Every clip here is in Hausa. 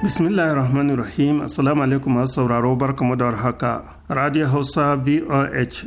Bismillahi rahmanir rahim assalamu alaikum masu sauraro barkamu da warhaka radio hausa voh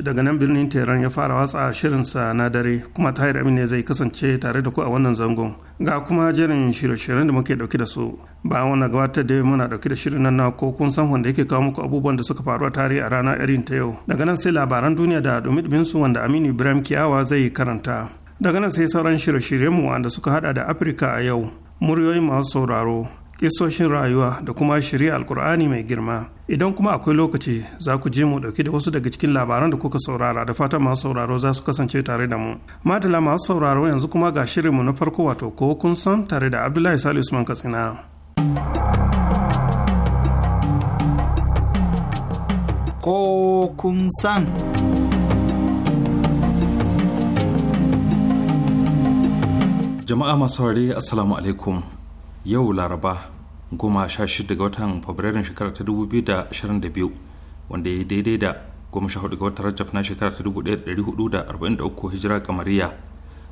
daga nan birnin tehran ya fara watsa shirinsa na dare kuma tahir amin ne zai kasance tare da ku a wannan zangon ga kuma jerin shirye-shiryen da muke dauke da su bayan wannan gabata da muna dauki da shirin nan na ko kun san wanda yake kawo muku abubuwan da suka faru a tare a rana irin ta yau daga nan sai labaran duniya da dumi su wanda aminu ibrahim kiyawa zai karanta daga nan sai sauran shirye-shiryenmu shiryen wanda suka hada da afirka a yau muryoyin masu sauraro kisoshin rayuwa da kuma shirya alkur'ani mai girma idan kuma akwai lokaci za ku je mu dauki da wasu daga cikin labaran da kuka saurara da fatan masu sauraro za su kasance tare da mu madala masu sauraro yanzu kuma ga shirinmu na farko wato ko kun san tare da abdullahi sali usman katsina ko kun san jama'a masu saurare assalamu alaikum yau laraba goma sha shida ga watan fabrairun shekara ta dubu biyu da ashirin da biyu wanda ya yi daidai da goma sha hudu ga watan rajab na shekara ta dubu ɗaya da ɗari hudu da arba'in da uku hijira kamariya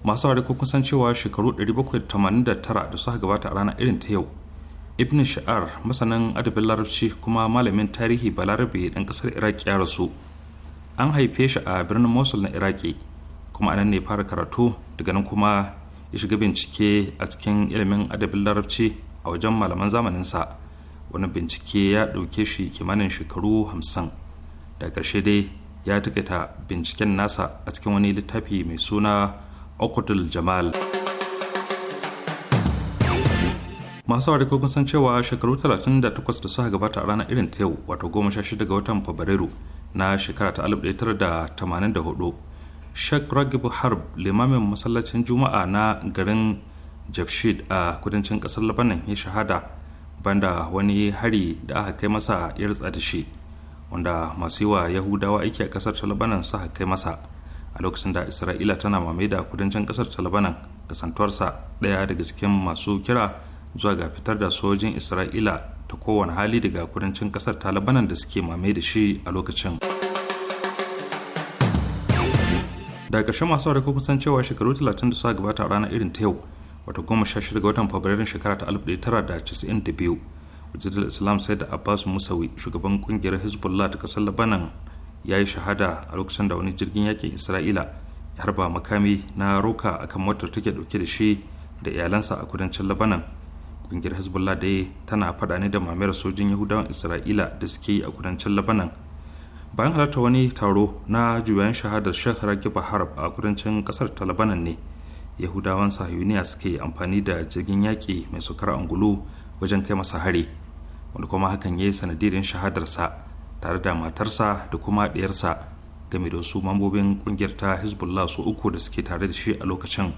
masu ware kun san cewa shekaru ɗari bakwai da tamanin da tara da suka gabata a ranar irin ta yau ibn sha'ar masanin adabin larabci kuma malamin tarihi balarabe ɗan ƙasar iraki ya rasu an haife shi a birnin mosul na iraki kuma anan ne fara karatu daga nan kuma ya shiga bincike a cikin ilimin adabin larabci a wajen malaman zamaninsa wani bincike ya ɗauke shi kimanin shekaru hamsin da ƙarshe dai ya takaita binciken nasa a cikin wani littafi mai suna okudul jamal masu wari kun san cewa shekaru 38 da suka gabata a ranar irin ta yau wato 16 ga watan fabrairu na shekara ta 1984 shek ragib harb limamin masallacin juma'a na garin jabshid a kudancin kasar labanan ya shahada banda wani hari da aka kai masa a ritsa da shi wanda masu yiwa yahudawa ake a kasar ta su kai masa a lokacin da isra'ila tana mamaye da kudancin kasar ta labanan kasantuwarsa daya daga cikin masu kira zuwa ga fitar da sojin isra'ila ta kowane hali daga kudancin kasar ta labanan da suke mamaye da shi a lokacin daga ƙarshen masu kusan cewa shekaru 30 da suka gabata a ranar irin ta yau wata goma sha shida ga watan fabrairun shekara ta alif tara da da biyu wajen islam sai da abbas musawi shugaban kungiyar hezbollah ta kasar labanan ya yi shahada a lokacin da wani jirgin yakin isra'ila ya harba makami na roka akan motar take dauke da shi da iyalansa a kudancin labanan kungiyar hezbollah dai tana fada ne da mamayar sojin yahudawan isra'ila da suke yi a kudancin labanan bayan halarta wani taro na juyayen shahadar shekara ragib harab a kudancin kasar ta labanan ne yahudawan sahiyuniya suke amfani da jirgin yaƙi mai sukar angulu wajen kai masa hari wanda kuma hakan ya yi sanadirin shahadarsa tare da matarsa da kuma ɗiyarsa game da wasu mambobin ƙungiyar ta hezbollah su uku da suke tare da shi a lokacin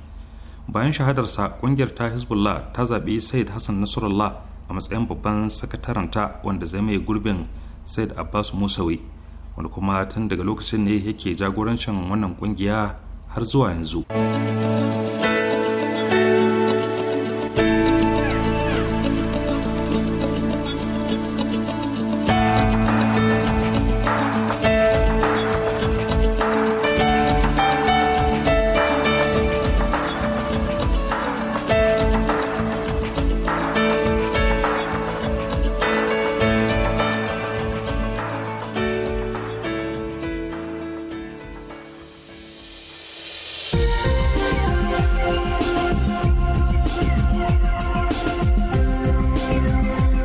bayan shahadarsa ƙungiyar ta hezbollah ta zaɓi said hassan nasarallah a matsayin babban sakataranta wanda zai mai gurbin said abbas musawi wanda kuma tun daga lokacin ne yake jagorancin wannan kungiya har zuwa yanzu.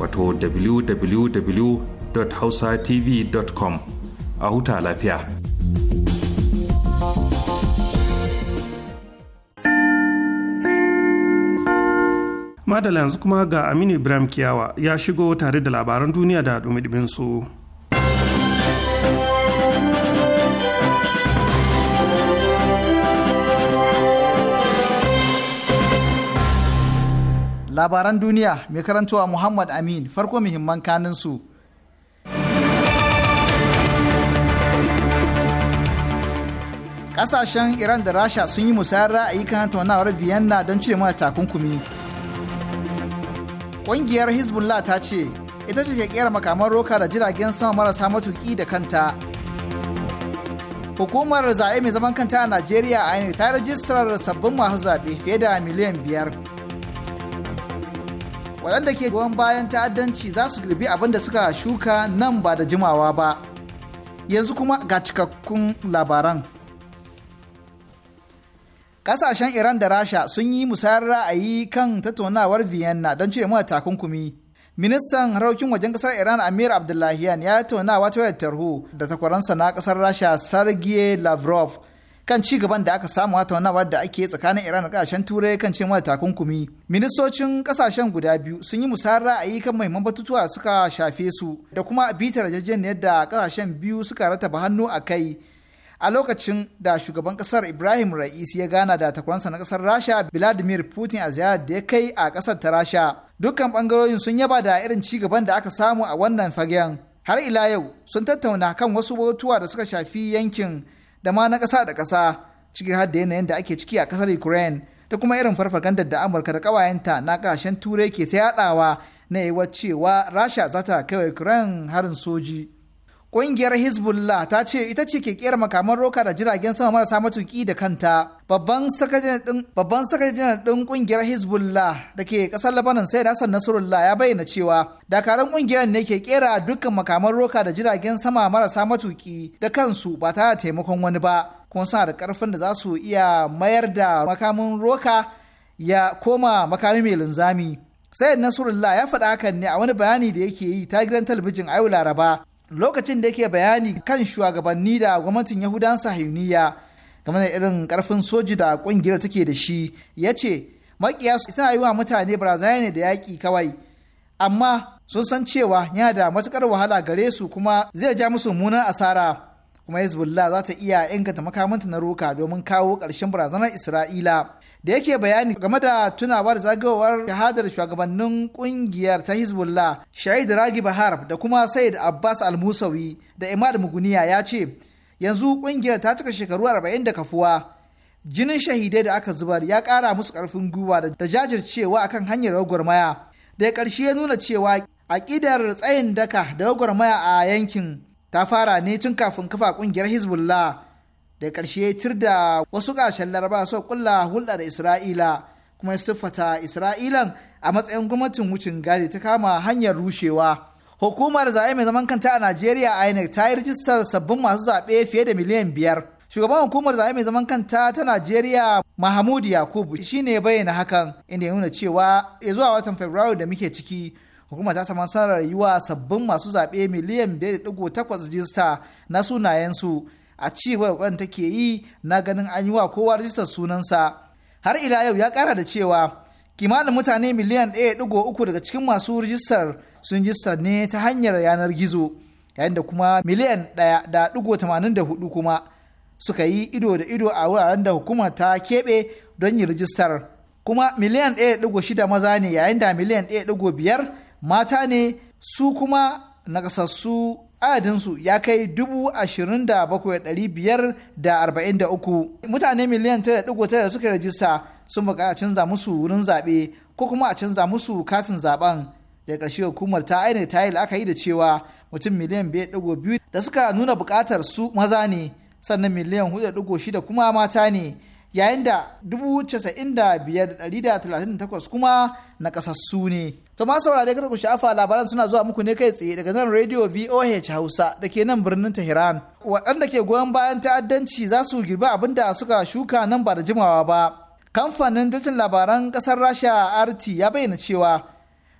wato www.hausatv.com a huta lafiya. Madala yanzu kuma ga Aminu Ibrahim Kiyawa ya shigo tare da labaran duniya da dumi su. labaran duniya mai karantowa Muhammad Amin farko muhimman kanin su. Ƙasashen Iran da Rasha sun yi musayar ra'ayi kan tattaunawar Vienna don cire mata takunkumi. Ƙungiyar Hezbollah ta ce, ita ce ke kera makaman roka da jiragen sama marasa matuƙi da kanta. Hukumar zaɓe mai zaman kanta a Najeriya a ta rajistar sabbin masu zaɓe fiye da miliyan biyar. waɗanda ke goyon bayan ta'addanci za su girbi abin da suka shuka nan ba da jimawa ba yanzu kuma ga cikakkun labaran Ƙasashen Iran da Rasha sun yi musayar ra'ayi kan tattaunawar Vienna don cire mana takunkumi. Ministan harkokin wajen ƙasar Iran Amir Abdullahian ya tattauna wata wayar tarho da takwaransa na ƙasar Rasha Sergei Lavrov kan ci gaban da aka samu wata wannan da ake tsakanin Iran da kasashen Turai kan cin mata takunkumi. Ministocin kasashen guda biyu sun yi musayar ra'ayi kan muhimman batutuwa suka shafe su da kuma bitar yarjejeniyar yadda kasashen biyu suka rataba hannu a kai. A lokacin da shugaban kasar Ibrahim Ra'isi ya gana da takwaransa na kasar Rasha Vladimir Putin a ziyarar da ya kai a kasar ta Rasha. Dukkan bangarorin sun yaba da irin ci gaban da aka samu a wannan fagen. Har ila yau sun tattauna kan wasu batutuwa da suka shafi yankin da ma na ƙasa da ƙasa ciki har da yanayin da ake ciki a ƙasar Ukraine da kuma irin farfagandar da Amurka da ƙawayenta na ƙasashen Turai ke ta yaɗawa na cewa Rasha za ta kai Ukraine harin soji. Ƙungiyar Hezbollah ta ce ita ce ke kera makaman roka da jiragen sama marasa matuki da kanta. Babban sakajin ɗin ƙungiyar Hezbollah da ke ƙasar Labanan sai Hassan Nasrullah ya bayyana cewa dakarun ƙungiyar ne ke kera dukkan makaman roka da jiragen sama marasa matuki da kansu ba tare da taimakon wani ba. Kuma suna da ƙarfin da za su iya mayar da makamin roka ya koma makami mai linzami. Sayyid Nasrullah ya faɗa hakan ne a wani bayani da yake yi ta gidan talabijin Ayu Laraba lokacin da yake bayani kan shugabanni da gwamnatin yahudan sahiyuniya game da irin karfin soji da kungiyar take da shi ya ce makiya suna yi wa mutane barazana ne da yaƙi kawai amma sun san cewa yana da matukar wahala gare su kuma zai ja musu munar asara kuma hezbollah za ta iya inganta makamanta na ruka domin kawo ƙarshen barazanar isra'ila da yake bayani game da tunawa da zagayowar shahadar shugabannin ƙungiyar ta hezbollah shahid ragi bahar da kuma said abbas al-musawi da imad muguniya ya ce yanzu ƙungiyar ta cika shekaru 40 da kafuwa jinin shahidai da aka zubar ya ƙara musu ƙarfin gwiwa da jajircewa akan hanyar gwagwarmaya da ya ƙarshe ya nuna cewa aƙidar tsayin daka da gwagwarmaya a yankin ta fara ne tun kafin kafa kungiyar hezbollah da ƙarshe tir da wasu kashen laraba suka kulla hulɗa da isra'ila kuma ya siffata isra'ilan a matsayin gwamnatin wucin gadi ta kama hanyar rushewa hukumar zaɓe mai zaman kanta a najeriya inec ta yi rijistar sabbin masu zaɓe fiye da miliyan biyar shugaban hukumar zaɓe mai zaman kanta ta najeriya mahmud yakubu shine bayyana hakan inda ya nuna cewa ya zuwa watan fabrairu da muke ciki hukumar ta samu nasarar yi wa sabbin masu zaɓe miliyan 5.8 rijista na sunayensu a ci gaba take yi na ganin an yi wa kowa rijistar sunansa har ila yau ya ƙara da cewa kimanin mutane miliyan 1.3 daga cikin masu rijistar sun rijistar ne ta hanyar yanar gizo yayin da kuma miliyan 1.84 kuma suka yi ido da ido a wuraren da hukumar ta keɓe don yi rijistar kuma miliyan 1.6 maza ne yayin da miliyan 1.5 mata ne su kuma nakasassu adadinsu ya kai dubu ashirin da bakwai ɗari biyar da arba'in da uku mutane miliyan tara ɗigo tara suka rajista sun buƙaci a canza musu wurin zaɓe ko kuma a canza musu katin zaɓen da ƙarshe hukumar ta aina ta yi la'akari da cewa mutum miliyan biyar ɗigo biyu da suka nuna buƙatar su maza ne sannan miliyan hudu ɗigo shida kuma mata ne yayin da dubu casa'in da biyar da ɗari da talatin da takwas kuma na ƙasassu ne. To ma saurare kar ku sha'afa labaran suna zuwa muku ne kai tsaye daga nan Radio VOH Hausa da ke nan birnin Tehran. Waɗanda ke goyon bayan ta'addanci za su girbi abin da suka shuka nan ba da jimawa ba. Kamfanin dalcin labaran ƙasar Rasha RT ya bayyana cewa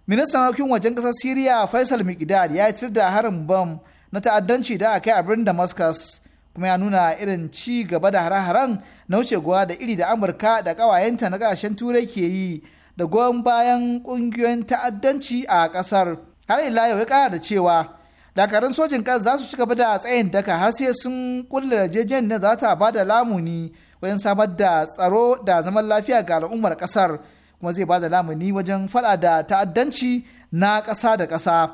ministan harkokin wajen ƙasar Siriya Faisal Mikdad ya yi da harin bam na ta'addanci da aka yi a birnin Damascus. kuma ya nuna irin ci gaba da hare-haren na wucewa da iri da Amurka da ƙawayenta na ƙasashen Turai ke yi da goyon bayan ƙungiyoyin ta'addanci a ƙasar har ila yau ya kara da cewa dakarun sojin kasa za su ci gaba da tsayin daka har sai sun kulle rajejen da za ta ba da lamuni wajen samar da tsaro da zaman lafiya ga al'ummar ƙasar kuma zai ba da lamuni wajen faɗa da ta'addanci na ƙasa da ƙasa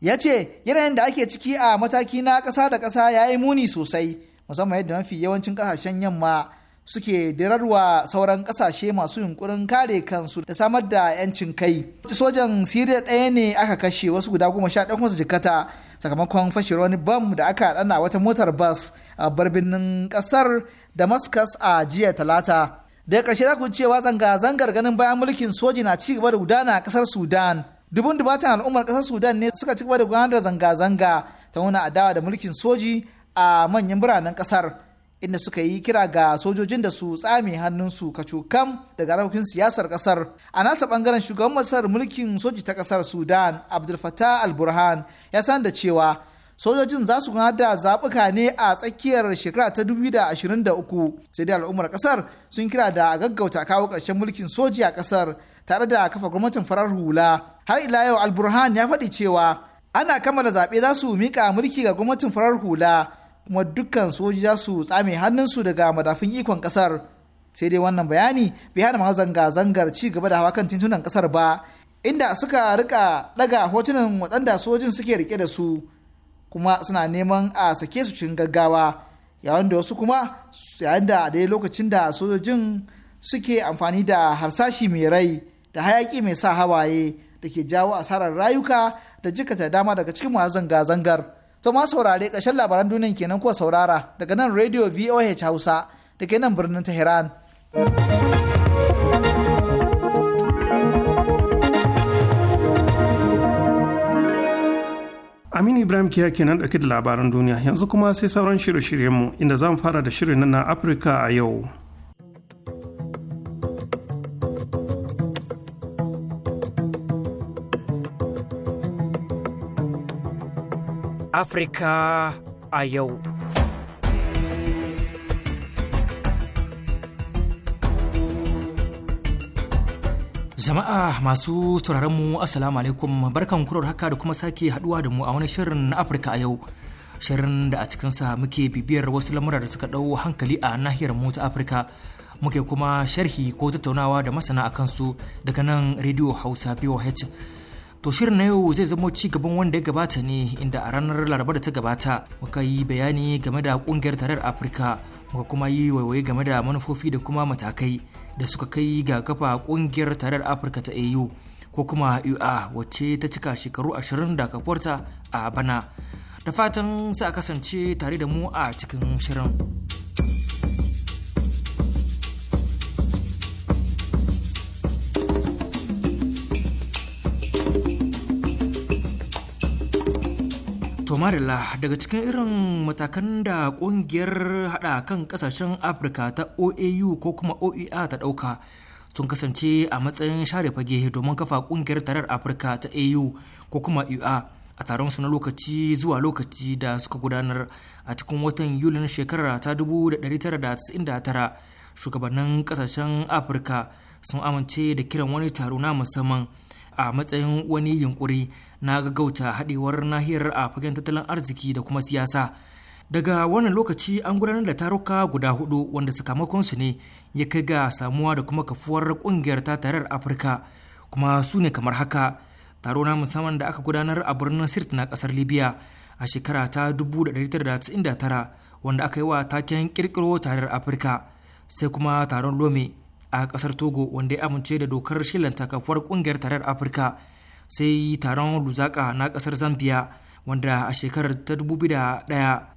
ya ce yanayin da ake ciki a mataki na ƙasa da ƙasa ya yi muni sosai musamman yadda mafi yawancin ƙasashen yamma suke dirarwa sauran kasashe masu yunkurin kare kansu da samar da 'yancin kai. Sojan Siriya ɗaya ne aka kashe wasu guda goma sha ɗan wasu jikata sakamakon fashewar wani bam da aka ɗana wata motar bas a birnin ƙasar Damascus a jiya talata. Da ƙarshe za ku cewa zanga-zangar ganin bayan mulkin soji na ci gaba da gudana a ƙasar Sudan. Dubun dubatan al'ummar ƙasar Sudan ne suka ci gaba da gudanar da zanga-zanga ta nuna adawa da mulkin soji a manyan biranen ƙasar. inda suka yi kira ga sojojin da su tsame hannunsu cokam daga harkokin siyasar kasar a nasa bangaren shugaban masar mulkin soji ta kasar sudan abdul fatah al-burhan ya san da cewa sojojin za su da zaɓuka ne a tsakiyar shekara ta 2023 sai dai al'ummar kasar sun kira da gaggauta kawo ƙarshen mulkin soji a kasar tare da kafa gwamnatin farar hula har ila yau al-burhan ya faɗi cewa ana kammala zaɓe za su miƙa mulki ga gwamnatin farar hula kuma dukkan soji za su tsame hannunsu daga madafin ikon kasar sai dai wannan bayani bai hana ma zanga-zangar ci gaba da hawa kan tintunan kasar ba inda suka rika daga hotunan waɗanda sojin suke rike da su kuma suna neman a sake su cikin gaggawa yayin da wasu kuma yayin da dai lokacin da sojojin suke amfani da harsashi mai rai da hayaki mai sa hawaye da ke jawo asarar rayuka da jikata dama daga cikin masu zanga-zangar. To ma saurare ƙarshen labaran duniyan kenan kuwa saurara daga nan Radio VOH Hausa da ke nan birnin Tehran. Aminu Ibrahim ke nan ɗauke da labaran duniya yanzu kuma sai sauran shirye-shiryenmu inda zamu fara da shirin na Afirka a yau. Afirka a yau. Jama'a masu mu Assalamu alaikum barkan kurar haka da kuma sake haduwa da mu a wani shirin na Afirka a yau. Shirin da a cikinsa muke bibiyar wasu lamura da suka ɗau hankali a nahiyar mu ta Afirka. Muke kuma sharhi ko tattaunawa da masana a kansu daga nan Radio Hausa VOH. To shirin na yau zai zama ci gaban wanda ya gabata ne inda a ranar laraba da ta gabata muka yi bayani game da kungiyar tarayyar Afirka muka kuma yi waiwaye game da manufofi da kuma matakai da suka kai ga kafa kungiyar tarayyar Afirka ta AU ko kuma UA wacce ta cika shekaru ashirin da kafuwarta a bana. Da fatan sa kasance tare da mu a cikin shirin. To daga cikin irin matakan da kungiyar hada kan kasashen Afirka ta OAU ko kuma OEA ta dauka sun kasance a matsayin share fage domin kafa kungiyar tarar Afirka ta AU ko kuma UA a taron su na lokaci zuwa lokaci da suka gudanar a cikin watan Yulin shekarar ta 1999 shugabannin kasashen Afirka sun amince da kiran wani taro na musamman a matsayin wani yunkuri na gaggauta haɗewar nahiyar a fagen tattalin arziki da kuma siyasa daga wannan lokaci an gudanar da taruka guda hudu wanda sakamakonsu ne ya kai ga samuwa da kuma kafuwar kungiyar ta tarar afirka kuma su ne kamar haka taro na musamman da aka gudanar a birnin sirt na kasar libya a shekara ta 1999 wanda aka yi wa taken kirkiro tarar afirka sai kuma taron lome a kasar togo wanda ya amince da dokar shilanta kafuwar kungiyar tarar afirka sai taron luzaka na kasar zambia wanda a shekarar ta dubu daya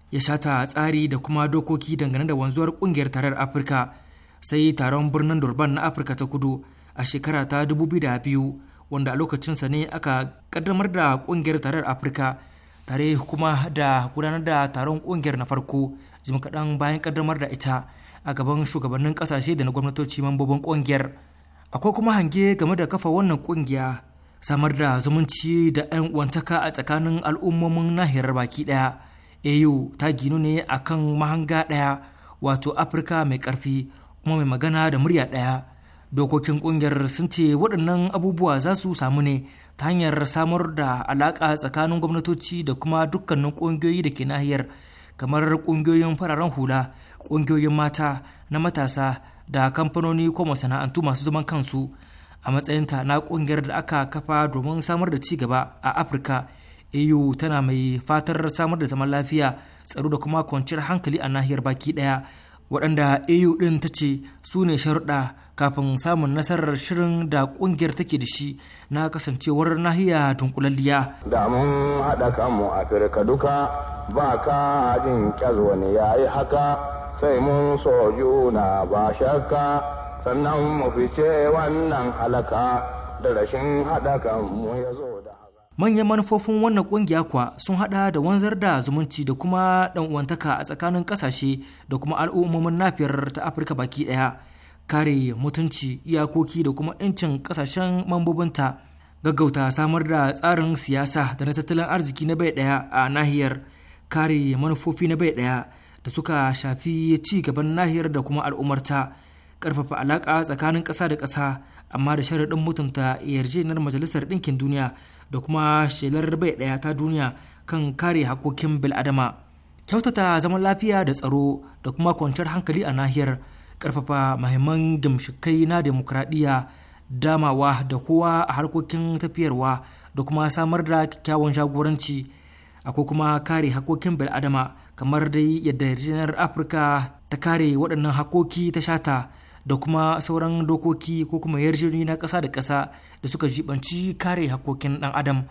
ya shata tsari da kuma dokoki dangane da wanzuwar kungiyar tarar afirka sai taron birnin durban na afirka ta kudu a shekara ta dubu biyu wanda a lokacinsa ne aka kaddamar da kungiyar tarar afirka tare kuma da gudanar da taron kungiyar na farko jim kaɗan bayan kaddamar da ita a gaban shugabannin ƙasashe da na gwamnatoci mambobin kungiyar akwai kuma hange game da kafa wannan kungiya samar da zumunci da 'yan wantaka a tsakanin al'ummomin nahiyar baki ɗaya au ta ginu ne a kan mahanga ɗaya wato afirka mai ƙarfi kuma mai magana da murya ɗaya dokokin ƙungiyar sun ce waɗannan abubuwa za su samu ne ta hanyar samar da alaƙa tsakanin gwamnatoci da kuma dukkanin ƙungiyoyi da ke nahiyar kamar ƙungiyoyin fararen hula ƙungiyoyin mata na matasa da kamfanoni ko masana'antu masu zaman kansu a matsayinta na kungiyar da aka kafa domin samar da ci gaba a afirka eu tana mai fatar samar da zaman lafiya tsaro da kuma kwanciyar hankali a nahiyar baki daya waɗanda eu ɗin ta ce su ne sharuɗa kafin samun nasarar shirin da kungiyar take da shi na kasancewar nahiya tunkulalliya da mun haɗa kanmu afirka duka ba ka jin wani ya yi haka sai mun so juna ba shakka sannan mu fice wannan halaka da rashin haɗa mu ya zo da Manyan manufofin wannan kungiya kuwa sun hada da wanzar da zumunci da kuma ɗan'uwantaka a tsakanin ƙasashe da kuma al'ummomin nafiyar ta Afirka baki ɗaya, kare mutunci, iyakoki da kuma 'yancin ƙasashen mambobinta, gaggauta samar da tsarin siyasa da na tattalin arziki na bai ɗaya a nahiyar, kare manufofi na bai ɗaya da suka shafi ci gaban nahiyar da kuma al'ummarta. karfafa alaƙa tsakanin ƙasa da ƙasa amma da sharaɗin mutunta yarjejeniyar majalisar ɗinkin duniya da kuma shelar bai ɗaya ta duniya kan kare hakokin bil'adama kyautata zaman lafiya da tsaro da kuma kwanciyar hankali a nahiyar karfafa mahimman gamshikai na demokradiyya damawa da kowa a harkokin tafiyarwa da kuma samar da kyakkyawan jagoranci akwai kuma kare hakokin bil'adama kamar dai yadda yarjejeniyar afirka ta kare waɗannan hakoki ta shata da kuma sauran dokoki ko kuma yarjejeniyoyi na kasa da kasa da suka jibanci kare hakokin ɗan adam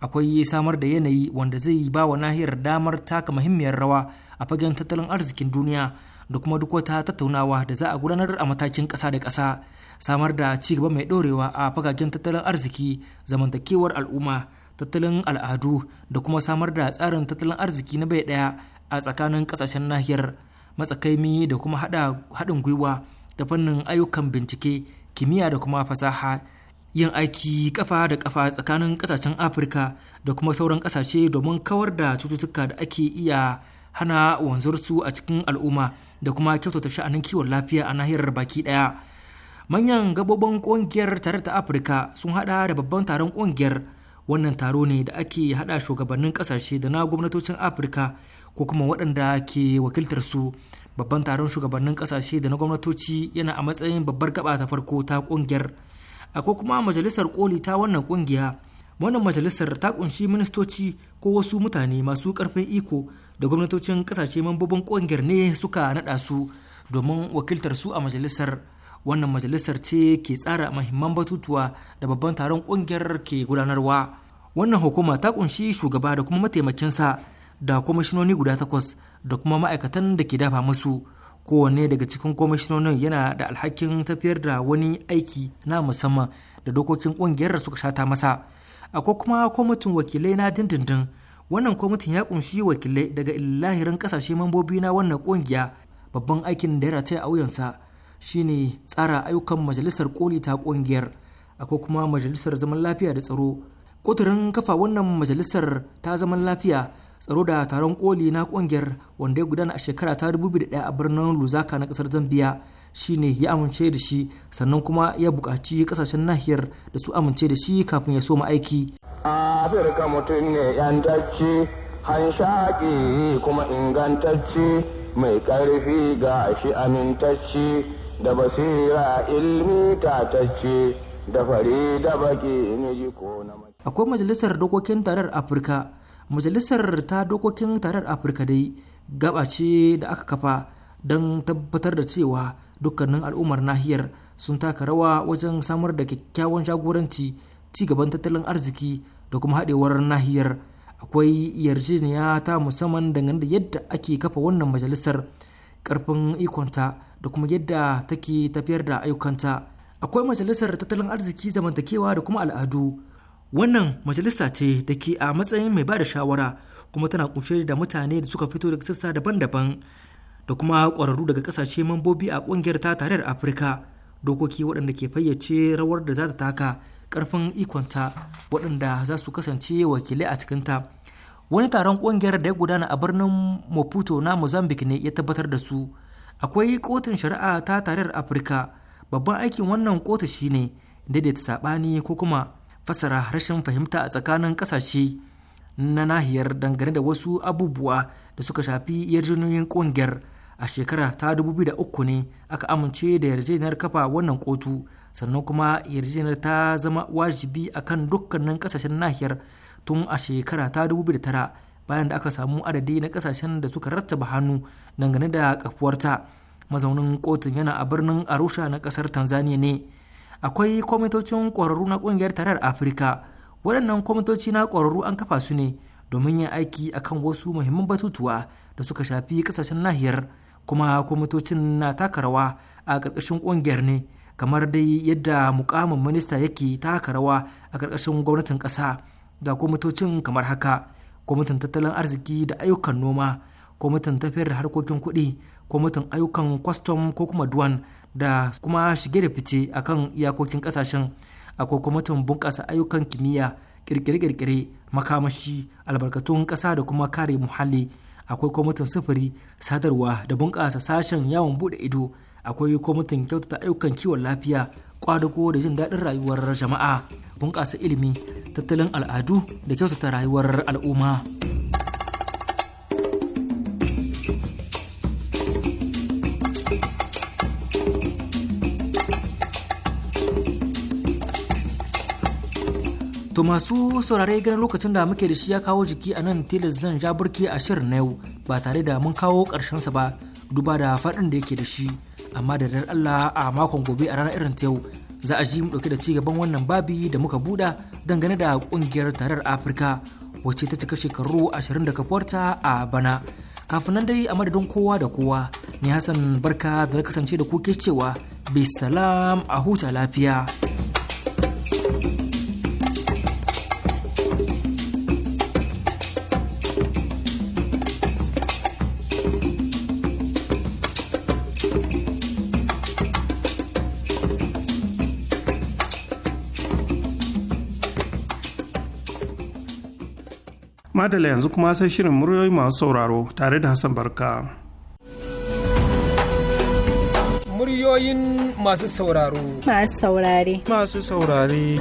akwai samar da yanayi wanda zai ba wa nahiyar damar taka muhimmiyar rawa a fagen tattalin arzikin duniya da kuma duk wata tattaunawa da za a gudanar a matakin ƙasa da ƙasa samar da ci gaba mai ɗorewa a fagagen tattalin arziki zamantakewar al'umma tattalin al'adu da kuma samar da tsarin tattalin arziki na bai ɗaya a tsakanin ƙasashen nahiyar matsakaimi da kuma haɗin gwiwa ta fannin ayyukan bincike kimiyya da kuma fasaha yin aiki kafa da kafa tsakanin kasashen afirka da kuma sauran kasashe domin kawar da cututtuka da ake iya hana wanzarsu a cikin al'umma da kuma kyautata sha'anin kiwon lafiya a nahiyar baki daya manyan gabobin kungiyar tare ta afirka sun hada da babban taron kungiyar wannan taro ne da ake hada shugabannin kasashe da na gwamnatocin afirka ko kuma waɗanda ke wakiltar su babban taron shugabannin kasashe da na gwamnatoci yana a matsayin babbar gaba ta farko ta kungiyar akwai kuma majalisar koli ta wannan kungiya wannan majalisar ta kunshi ministoci ko wasu mutane masu karfin iko da gwamnatocin kasashe mambobin kungiyar ne suka nada su domin wakiltar su a majalisar wannan majalisar ce ke tsara mahimman batutuwa da babban taron kungiyar ke gudanarwa wannan hukuma ta kunshi shugaba da kuma mataimakinsa da kwamishinoni guda takwas da kuma ma'aikatan da ke dafa musu kowane daga cikin kwamishinonin yana da alhakin tafiyar da wani aiki na musamman da dokokin kungiyar suka shata masa akwai kuma kwamitin wakilai na dindindin wannan kwamitin ya kunshi wakilai daga lahirin kasashe mambobi na wannan kungiya babban aikin da ya rataya a wuyansa shine tsara ayyukan majalisar koli ta kungiyar akwai kuma majalisar zaman lafiya da tsaro kuturin kafa wannan majalisar ta zaman lafiya tsaro da taron koli na kungiyar wanda ya gudana a shekara ta 2001 a birnin luzaka na kasar zambia shine ya amince da shi sannan kuma ya bukaci kasashen nahiyar da su amince da shi kafin ya so ma aiki. afirka mutum ne yantacce hanshaƙi kuma ingantacce mai ƙarfi ga shi amintacce da basira ilmi tatacce da fari da baki ne ko na Akwai majalisar dokokin tarar Afirka majalisar ta dokokin tarar afirka dai gaba ce da aka kafa don tabbatar da cewa dukkanin al'ummar nahiyar sun taka rawa wajen samar da kyakkyawan jagoranci ci gaban tattalin arziki da kuma haɗewar nahiyar akwai yarjejeniya ta musamman dangane da yadda ake kafa wannan majalisar karfin ikonta da kuma yadda take tafiyar da ayyukanta akwai majalisar tattalin arziki zamantakewa da kuma al'adu wannan majalisa ce da ke a matsayin mai ba da shawara kuma tana kunshe da mutane da suka fito daga sassa daban-daban da kuma ƙwararru daga ƙasashe mambobi a ƙungiyar ta tarayyar afirka dokoki waɗanda ke fayyace rawar da za ta taka ƙarfin ikonta waɗanda za su kasance wakilai a cikinta wani taron ƙungiyar da ya gudana a birnin maputo na mozambique ne ya tabbatar da su akwai kotun shari'a ta tarayyar afirka babban aikin wannan kotu shine daidaita saɓani ko kuma fassara rashin fahimta a tsakanin kasashe na nahiyar dangane da wasu abubuwa da suka shafi yarjejeniyoyin ƙungiyar a shekara ta 2003 ne aka amince da yarjejeniyar kafa wannan kotu sannan kuma yarjejeniyar ta zama wajibi a kan dukkanin kasashen nahiyar tun a shekara ta 2009 bayan da aka samu adadi na kasashen da suka rattaba hannu dangane da kafuwarta mazaunin kotun yana a birnin arusha na kasar tanzania ne akwai kwamitocin ƙwararru na ƙungiyar tarar afirka waɗannan kwamitoci na kwararru an kafa su ne domin yin aiki akan wasu muhimman batutuwa da suka shafi ƙasashen nahiyar kuma kwamitocin na taka rawa a ƙarƙashin ƙungiyar ne kamar dai yadda mukamin minista yake taka rawa a ƙarƙashin gwamnatin ƙasa ga kwamitocin kamar haka kwamitin tattalin arziki da ayyukan noma kwamitin tafiyar da harkokin kuɗi kwamitin ayyukan kwastom ko kuma duwan da kuma shige da fice a kan iyakokin kasashen akwai kwamitin bunƙasa ayyukan kimiyya ƙirƙire kirkire makamashi albarkatun ƙasa da kuma kare muhalli akwai kwamitin sufuri sadarwa da bunƙasa sashen yawon buɗe ido akwai kwamitin kyautata ayyukan kiwon lafiya kwadago da jin daɗin rayuwar jama'a bunƙasa ilimi tattalin al'adu da kyautata rayuwar al'umma. To masu saurare ganin lokacin da muke da shi ya kawo jiki a nan tilas zan ja burki a shirin na yau ba tare da mun kawo sa ba duba da faɗin da yake da shi amma da dar Allah a makon gobe a ranar irin ta yau za a ji mu ɗauke da cigaban wannan babi da muka buɗa dangane da ƙungiyar tarar Afirka wacce ta cika shekaru ashirin da kafuwarta a bana. Kafin nan dai a madadin kowa da kowa ni Hassan Barka da na kasance da ku cewa bisalam a huta lafiya. madala yanzu kuma sai shirin muryoyi masu sauraro tare da hassan barka muryoyin masu sauraro masu saurare masu saurare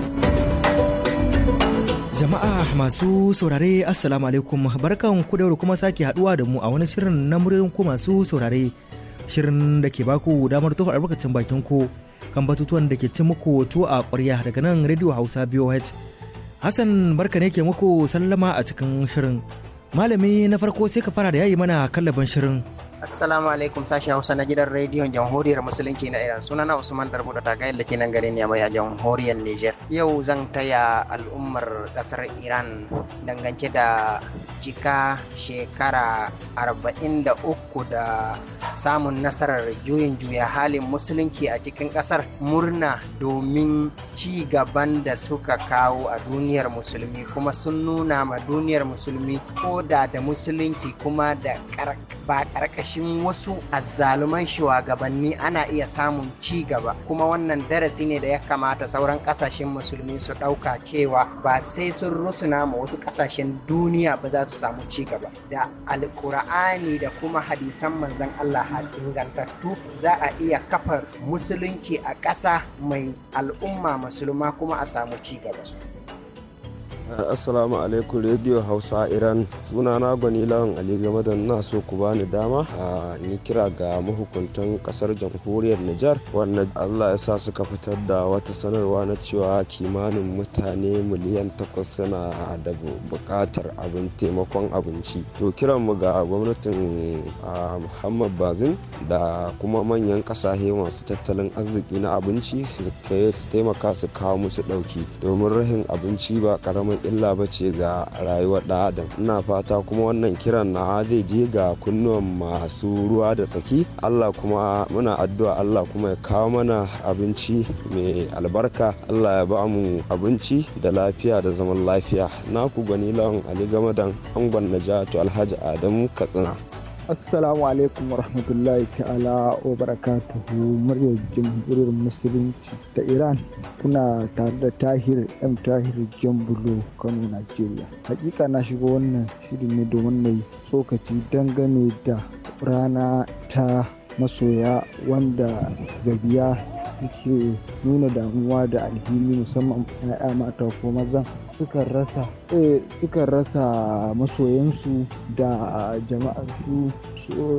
jama'a masu saurare assalamu alaikum barkan ku da kuma sake haduwa da mu a wani shirin na muryoyin ku masu saurare shirin da ke baku damar tofa albarkacin bakin ku kan batutuwan da ke cin muku tuwo a ƙwarya daga nan radio hausa voh Hassan barka ne ke muku sallama a cikin shirin. Malami na farko sai ka fara da yayi mana kallaban shirin. Assalamu alaikum sashen Hausa na gidan rediyon Jamhuriyar Musulunci na Iran sunana Usman Darbu da tagayen da ke nan garin mai a Jamhuriyar Niger. Yau zan taya al'ummar kasar Iran dangance da cika shekara arba'in da uku da samun nasarar juyin juya halin musulunci a cikin kasar murna domin ci gaban da suka kawo a duniyar musulmi kuma sun nuna ma duniyar musulmi ko da da musulunci kuma da ba karkashi ƙarƙashin wasu azzaluman shugabanni ana iya samun ci gaba kuma wannan darasi ne da ya kamata sauran ƙasashen musulmi su ɗauka cewa ba sai sun rusuna ma wasu ƙasashen duniya ba za su samu ci gaba da Alƙur'ani da kuma hadisan manzon Allah ingantattu za a iya kafa musulunci a ƙasa mai al'umma musulma kuma a samu ci gaba assalamu alaikum radio hausa iran suna na gwani lawan ali game da na so ku bani dama a ni kira ga mahukuntan kasar jamhuriyar nijar wanda allah ya sa suka fitar da wata sanarwa na cewa kimanin mutane miliyan takwas suna da bukatar abin taimakon abinci to kiranmu ga gwamnatin muhammad bazin da kuma manyan kasashe masu tattalin arziki na abinci su taimaka su kawo musu dauki domin rahin abinci ba karamin illa ba ce ga rayuwar ɗan adam ina fata kuma wannan kiran na zai je ga kunnuwan masu ruwa da tsaki allah kuma muna addu'a allah kuma ya kawo mana abinci mai albarka allah ya ba mu abinci da lafiya da zaman lafiya naku gwani lawan ali gamadan angon najatu alhaji adamu katsina assalamu alaikum warahmatullahi ta'ala wa barakatuhu muryar jamhuriyar musulunci ta iran kuna tare da tahir m tahir jambulo kano najeriya hakika na shiga wannan shirin ne domin na yi tsokaci dangane da rana ta masoya wanda gabiya suke nuna damuwa da alhini musamman 'ya'ya mata ko mazan sukan rasa eh, sukan rasa masoyansu da jama'arsu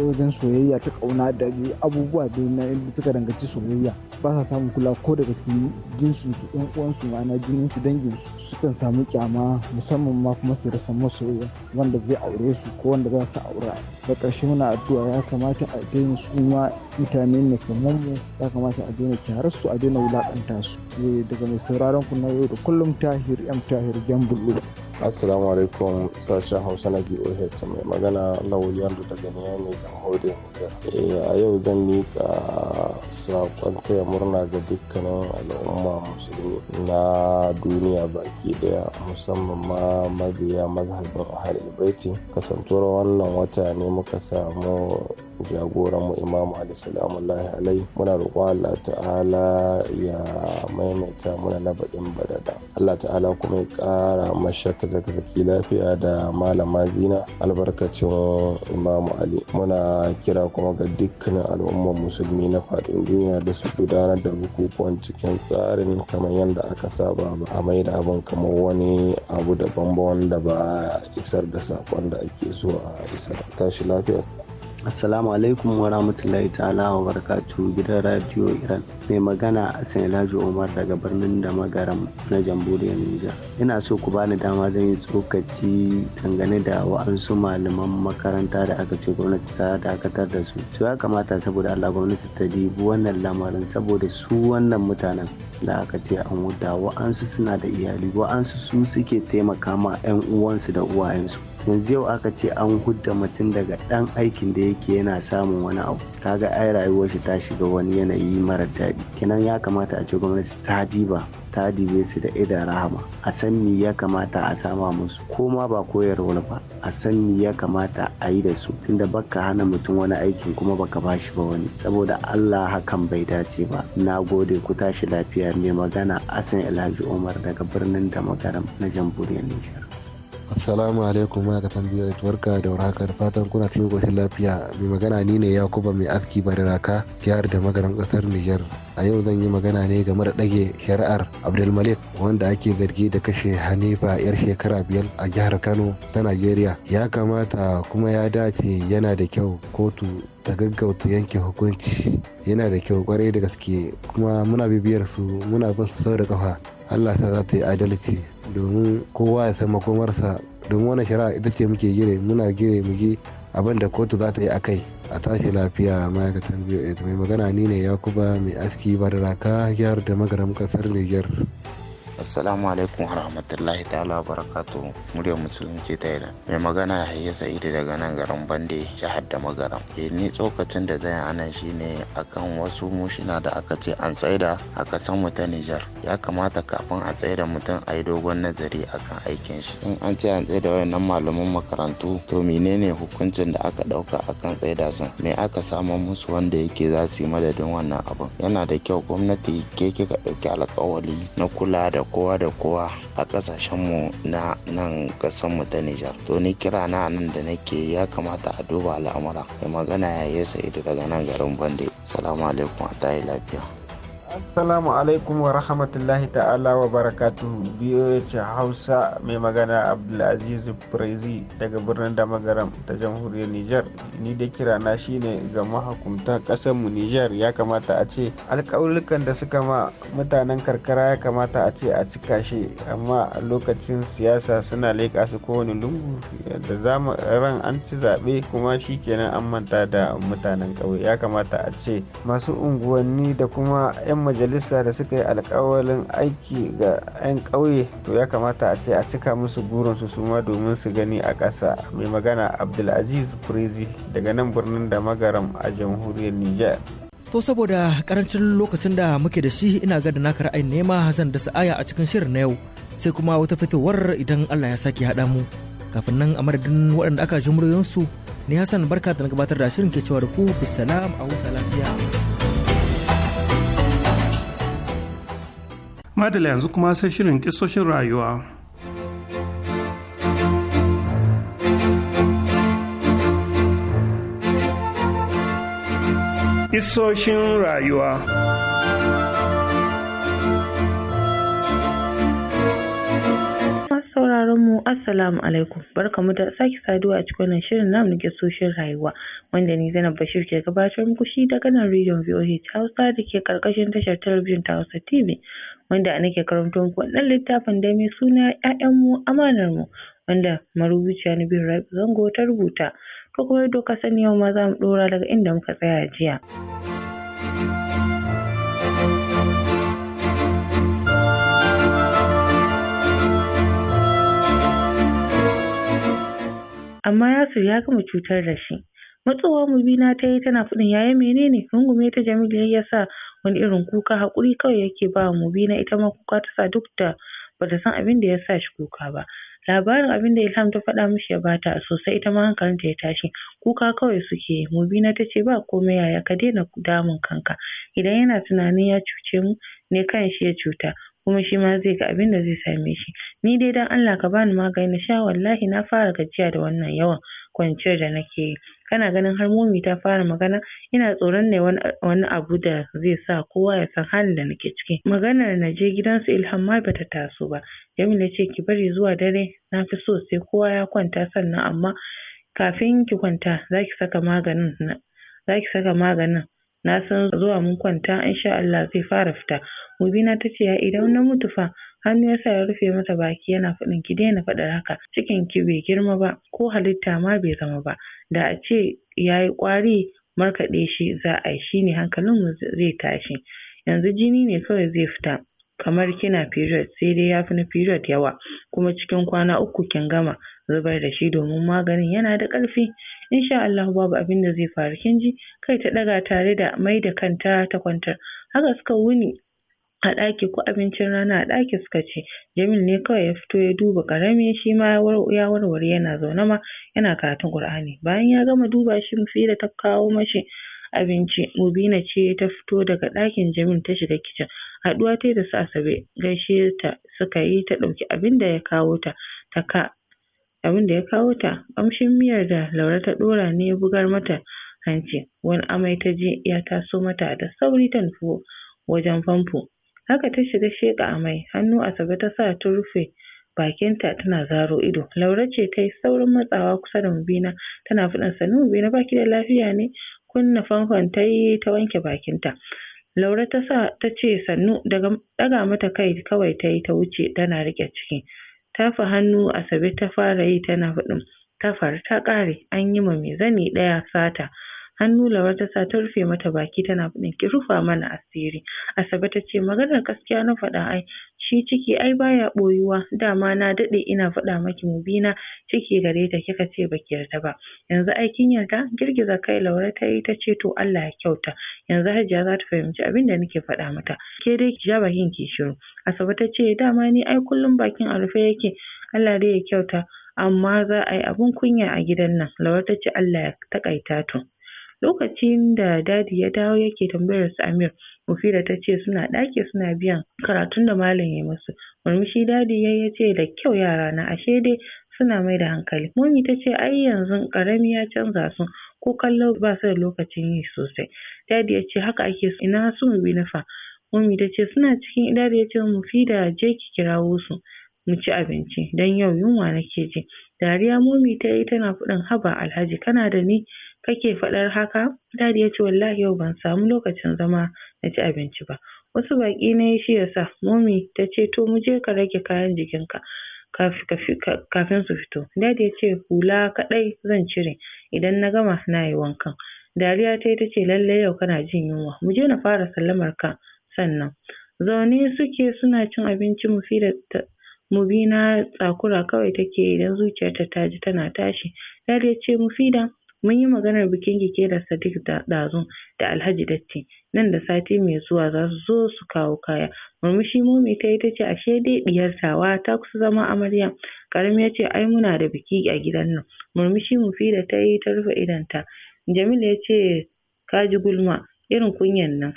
wajen soyayya ta kauna da abubuwa da suka danganci soyayya ba sa samun kula ko daga cikin jinsu su ɗan uwansu ma'ana jinin su dangin sukan samu kyama musamman ma kuma su rasa masoyan wanda zai aure su ko wanda za su aura da ƙarshe muna addu'a ya kamata a daina suma mutane ne kamar mu ya kamata a daina kyarar su a daina wulaƙanta su eh, daga mai sauraron ku na yau da kullum tahir yan tahir jambullo assalamu alaikum sashen hausa na boh mai magana lawaliyar da daga mai dan hode a yau zan miƙa saƙon taya murna ga dukkanin al'umma musulmi na duniya baki daya musamman ma mabiya mazhabin ahal ibaiti kasantuwar wannan wata ne muka samu ku jagoran mu imamu ali salamullahi alai muna roƙon allah ta'ala ya maimaita muna na baɗin badada allah ta'ala kuma ya ƙara masha zaki lafiya da malama zina albarkacin imamu ali muna kira kuma ga dukkanin al'ummar musulmi na faɗin duniya da su gudanar da bukukuwan cikin tsarin kamar yadda aka saba ba a mai da abin kamar wani abu daban ba wanda ba isar da sakon da ake so a isar tashi lafiya Assalamu alaikum wa rahmatullahi ta'ala wa barakatu gidan radiyo Iran. Mai magana Hassan alhaji Umar daga birnin da magaram na jamhuriyar Nijar. Ina so ku bani dama zan yi tsokaci dangane da wa'ansu malaman makaranta da aka ce gwamnati ta dakatar da su. To ya kamata saboda Allah gwamnati ta dibi wannan lamarin saboda su wannan mutanen da aka ce an wuta wa'ansu suna da iyali wa'ansu su suke taimaka ma 'yan uwansu da uwayensu. yanzu yau aka ce an hudda mutum daga ɗan aikin da yake yana samun wani abu kaga ai rayuwar shi ta shiga wani yanayi mara daɗi Kinan ya kamata a ce gwamnati ta diba ta dibe su da idan rahama a san me ya kamata a sama musu ko ma ba koyarwar ba a san me ya kamata a yi da su tunda baka hana mutum wani aikin kuma baka ba shi ba wani saboda Allah hakan bai dace ba na gode ku tashi lafiya mai magana hassan Alhaji Umar daga birnin Damagaram na jamhuriyar Nijar Assalamu alaikum ka tambayar tuwarka da warhaka da fatan kuna cikin koshin lafiya mai magana ni ne ya Yakuba mai aski raka jihar da magaran kasar Nijar. A yau zan yi magana ne game da ɗage shari'ar Abdulmalik wanda ake zargi da kashe Hanifa yar shekara biyar a jihar Kano ta Najeriya. Ya kamata kuma ya dace yana da kyau kotu ta gaggauta yanke hukunci yana da kyau kwarai da gaske kuma muna bibiyar su muna bin su sau da kafa Allah ta za ta yi adalci domin kowa ya san makomarsa domin wannan shari'a ita ce muke gire muna gire muke abin da kotu za ta yi akai a tashi lafiya ma'aikatan biyu mai magana ni ne yakuba mai aski barraka jihar da magaram kasar niger assalamu alaikum warahmatullahi ta'ala barakatu muryar musulunci ta idan mai magana ya sa'idu daga nan garin bande jihar da magaram e ni tsokacin da zai anan A kan wasu mushina da aka ce an tsaida a kasan mu ta nijar ya kamata kafin a tsaida mutum a yi dogon nazari akan aikin shi in an ce an tsaida wayannan malaman makarantu to menene hukuncin da aka dauka akan tsaida sun me aka samu musu wanda yake za su yi madadin wannan abin yana da kyau gwamnati ke ka ɗauki alkawali na kula da kowa da kowa a mu na nan mu ta Nijar. To ni kira na nan da nake ya kamata a duba al'amura. mai magana ya yi sa'idu daga nan garin Bande. Salamu alaikum a tayi lafiya. Assalamu alaikum wa rahmatullahi ta'ala wa barakatu BOH Hausa mai magana Abdulaziz Prezi daga birnin Damagaram ta jamhuriyar Nijar. Ni da kira na shine ga mahakumta kasar mu Nijar ya kamata a ce alƙaulukan da suka ma mutanen karkara ya kamata a ce a cika shi amma a lokacin siyasa suna leƙa su kowane lungu da zama ran an ci zaɓe kuma shi kenan an manta da mutanen ƙauye ya kamata a ce masu unguwanni da kuma 'yan majalisa da suka yi alkawalin aiki ga 'yan ƙauye to ya kamata a ce a cika musu burinsu su ma domin su gani a ƙasa mai magana abdulaziz prezi daga nan birnin da magaram a jamhuriyar nijar. To saboda karancin lokacin da muke da shi ina ga da naka ra'ayin nema zan da sa'aya a cikin shirin na yau sai kuma wata fitowar idan Allah ya sake haɗa mu. Kafin nan a madadin waɗanda aka ji muryoyinsu ne Hassan barka da na gabatar da shirin ke cewa da ku bisalam a huta lafiya. madala yanzu kuma sai shirin kisoshin rayuwa isoshin rayuwa mu assalamu alaikum barkamu da sake saduwa a cikin shirin namu na kisoshin rayuwa wanda ni zanen Bashir ke gabatar muku shi daga nan rediyon VOH Hausa da ke karkashin tashar talabijin ta Hausa TV wanda nake karanto muku wannan littafin dai mai suna ‘ya'yanmu mu wanda marubuciya Nabila Rabi Zango ta rubuta. To kuma yadda ka sani yau ma za mu ɗora daga inda muka tsaya jiya. Amma Yasir ya gama cutar da shi. matsowa mu na ta yi tana faɗin yaya menene rungume ta Jamilu ya sa wani irin kuka haƙuri kawai yake ba wa Mubina ita ma kuka ta sa duk da bata san abin da ya sa shi kuka ba. Labarin abin da Ilham ta faɗa mishi ya bata sosai ita ma hankalinta ya tashi. Kuka kawai suke yi. Mubina ta ce ba komai yaya ka daina damun kanka. Idan yana tunanin ya cuce mu ne kan shi ya cuta. kuma shi ma zai ga abin da zai same shi. Ni dai don Allah ka bani magani na sha wallahi na fara gajiya da wannan yawan kwanciyar da nake yi. kana ganin har momi ta fara magana ina tsoron ne wani abu da zai sa kowa ya san halin da nake ciki maganar na je gidan su Ilham ma bata taso ba Jamila ce ki bari zuwa dare na fi so sai kowa ya kwanta sannan amma kafin ki kwanta za ki saka maganin na za ki saka maganin na san zuwa mun kwanta insha Allah zai fara fita Mubina ta ce ya idan na mutu fa hannu ya sa ya rufe mata baki yana faɗin ki daina faɗar haka cikin ki bai girma ba ko halitta ma bai zama ba da a ce ya yi ƙwari markaɗe shi za a yi shi ne hankalinmu zai tashi yanzu jini ne kawai zai fita kamar kina period sai dai ya fi na period yawa kuma cikin kwana uku kin gama zubar da shi domin maganin yana da ƙarfi insha Allah babu abin da zai faru kin ji kai ta ɗaga tare da mai da kanta ta kwantar haka suka wuni a ɗaki ko abincin rana a ɗaki suka ci. Jamil ne kawai ya fito ya duba ƙarami shi ma ya warware yana zaune ma yana karatun Ƙur'ani. Bayan ya gama duba shi da ta kawo mashi abinci. Mubina ce ta fito daga ɗakin Jamil ta shiga kicin. Haɗuwa ta yi da su Asabe gaishe ta suka yi ta ɗauki abin da ya kawo ta ta ka abin da ya kawo ta ƙamshin miyar da Laure ta ɗora ne bugar mata hanci. Wani amai ta je ya taso mata da sauri ta nufi wajen famfo. Haka ta shiga sheƙa amai, hannu Asabe ta sa ta rufe bakinta tana zaro ido. laura ce ta yi saurin matsawa kusa da Mubina tana faɗin sannu Mubina baki da lafiya ne? Kunna famfon ta yi ta wanke bakinta. laura ta sa ta ce sannu daga ɗaga mata kai kawai ta yi ta wuce tana riƙe ciki. Tafa hannu Asabe ta fara yi tana faɗin ta faru ta ƙare an yi ma mai zani ɗaya sata. hannu Laure ta sa ta rufe mata baki tana faɗin ki rufa mana asiri. Asabe tace maganar gaskiya na faɗa ai shi ciki ai baya ɓoyuwa dama na daɗe ina faɗa maki Mubina ciki gare ta kika ce baki yarda ba yanzu ai kin yarda girgiza kai Laure ta yi ta to Allah ya kyauta yanzu Hajiya za ta fahimci abin da nake faɗa mata ke dai ki ja bakin ki shiru Asabe tace dama ni ai kullum bakin a rufe yake Allah dai ya kyauta amma za a yi abin kunya a gidan nan Laure ta Allah ya taƙaita to Lokacin da dadi ya dawo yake tambayar su Amir, Mufida ta ce suna ɗaki suna biyan karatun da malam ya musu. Murmushi dadi ya yi ya ce da kyau yarana, ashe dai suna mai da hankali. Momi ta ce ai yanzu ƙarami ya canza su, ko kallo ba su da lokacin yi sosai. Dadi ya ce haka ake so, ina su mu fa? Momi ta ce suna cikin dadi ya ce Mufida je ki kirawo su. mu ci abinci don yau yunwa nake ji. Dariya Momi ta yi tana faɗin haba Alhaji kana da ni kake faɗar haka? Dadi ya ce wallahi yau ban samu lokacin zama na ci abinci ba. Wasu baƙi na yi shi yasa. Momi ta ce to mu je ka rage kayan jikinka kafin su fito. Dadi ya ce hula kaɗai zan cire idan na gama na yi wankan. Dariya ta yi ta lallai yau kana jin yunwa. Mu je na fara sallamar ka sannan. Zaune suke suna cin abinci mu ta Mubina tsakura kawai take idan zuciyarta ta ji tana tashi. Dadi ya ce Mufida Mun yi maganar bikin Keke da Sadiq dazu da Alhaji Datti, nan da sati mai zuwa za su zo su kawo kaya. Murmushi Momi ta yi ta ce ashe dai ɗiyar tawa ta kusa zama amarya. Karami ya ce ai muna da biki a gidan nan. Murmushi Mufida ta yi ta rufe idonta. Jamilu ya ce ka ji gulma irin kunyan nan.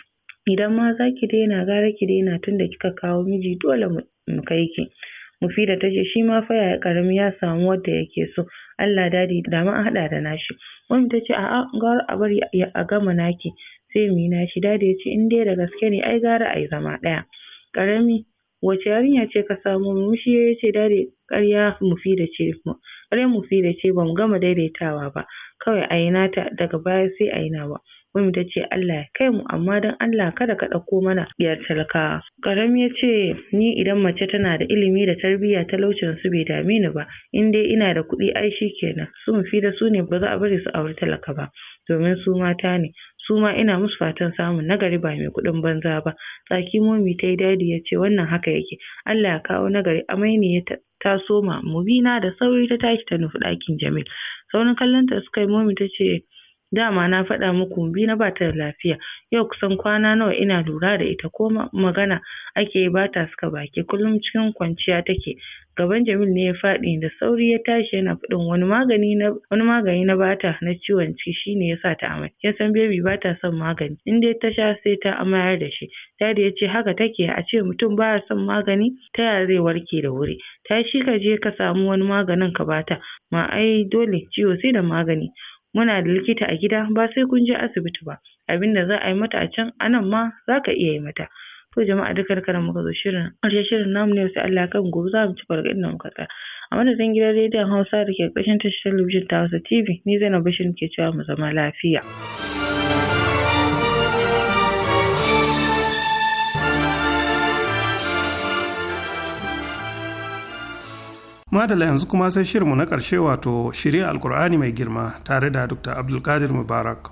Idan ma za ki daina gara ki daina tunda kika kawo miji dole mu kai ki. Mufida ta ce shi ma fa yaya karami ya samu wadda yake so. Allah dadi da mun an haɗa da nashi. Wani ta ce a'a gara a bari a gama naki sai mu yi nashi. Dadi ya ce in dai da gaske ne ai gara a zama ɗaya. karami wace yarinya ce ka samu? mushi ya ce dadi ƙarya Mufida ce ƙarya Mufida ce ba mu gama daidaitawa ba. Kawai a yi nata daga baya sai a yi nawa. wanda ta ce Allah ya kai mu amma don Allah kada ka ɗauko mana ɗiyar talakawa. Karam ya ce ni idan mace tana da ilimi da tarbiyya talaucin su bai dame ni ba in dai ina da kuɗi ai shi kenan su fi da su ne ba za a bari su auri talaka ba domin su mata ne su ma ina musu fatan samun nagari ba mai kuɗin banza ba tsaki momi ta yi dadi ya ce wannan haka yake Allah ya kawo nagari amai ne ya mu bi na da sauri ta tashi ta nufi ɗakin Jamil saurin kallon ta suka yi momi ta ce Dama na faɗa muku na bata da lafiya, yau kusan kwana nawa ina lura da ita ko magana ake yi bata saka baki, kullum cikin kwanciya take. Gaban Jamil ne ya faɗi da sauri ya tashi yana faɗin wani magani na bata na ciwon ciki shine yasa ta amai. Kin san baby bata son magani, in dai ta sha sai ta amayar da shi. Dadi ya ce haka take a ce mutum baya son magani ta ya zai warke da wuri. Tashi ka je ka samu wani maganin ka bata, ma ai dole ciwo sai da magani. muna da likita a gida ba sai kun je asibiti ba Abin da za a yi mata a can a nan ma za ka iya yi mata to jama'a duka duka nan muka zo shirin ƙarshen shirin namu ne sai Allah ya mu gobe za mu ci farga da muka tsaya a madadin gidan rediyon Hausa da ke ƙarƙashin tashar talabijin ta Hausa TV ni Zainab Bashir ke cewa mu zama lafiya. Madala yanzu kuma sai shirinmu na ƙarshe wato shirya Alkur'ani mai girma tare da Dr. Abdulkadir Mubarak.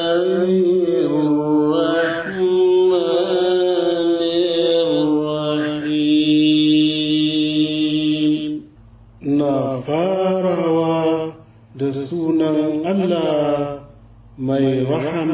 إلا من رحم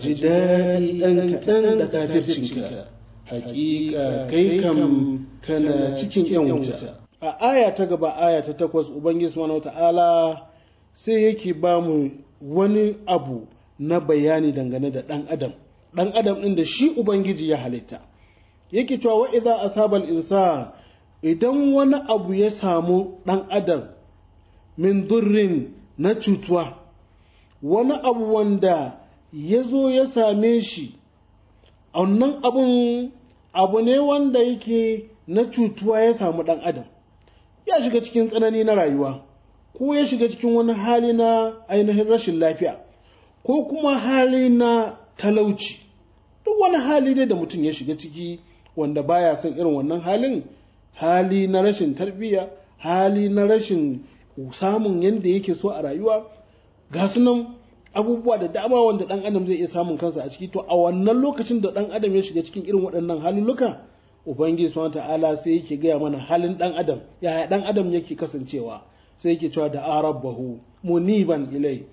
ji daɗi ɗan kaɗan da kafircinka hakika kai kam kana cikin yan wuta a aya ta gaba aya ta takwas ubangiji subhanahu ta'ala sai yake ba mu wani abu na bayani dangane da ɗan adam ɗan adam ɗin da shi ubangiji ya halitta yake cewa wa a asabal insa idan wani abu ya samu ɗan adam min durrin na cutuwa wani abu wanda ya zo ya same shi wannan abun abu ne wanda yake na cutuwa ya samu ɗan adam ya shiga cikin tsanani na rayuwa ko ya shiga cikin wani hali na ainihin rashin lafiya ko kuma hali na talauci duk wani hali ne da mutum ya shiga ciki wanda baya son irin wannan halin hali na rashin tarbiyya hali na rashin samun yadda yake so a rayuwa ga sunan abubuwa da dama wanda dan adam zai iya samun kansa a ciki to a wannan lokacin da dan adam ya shiga cikin irin waɗannan halulluka ubangiji subhanahu ta'ala sai yake gaya mana halin dan adam yaya dan adam yake kasancewa sai yake cewa da arabahu muniban ilai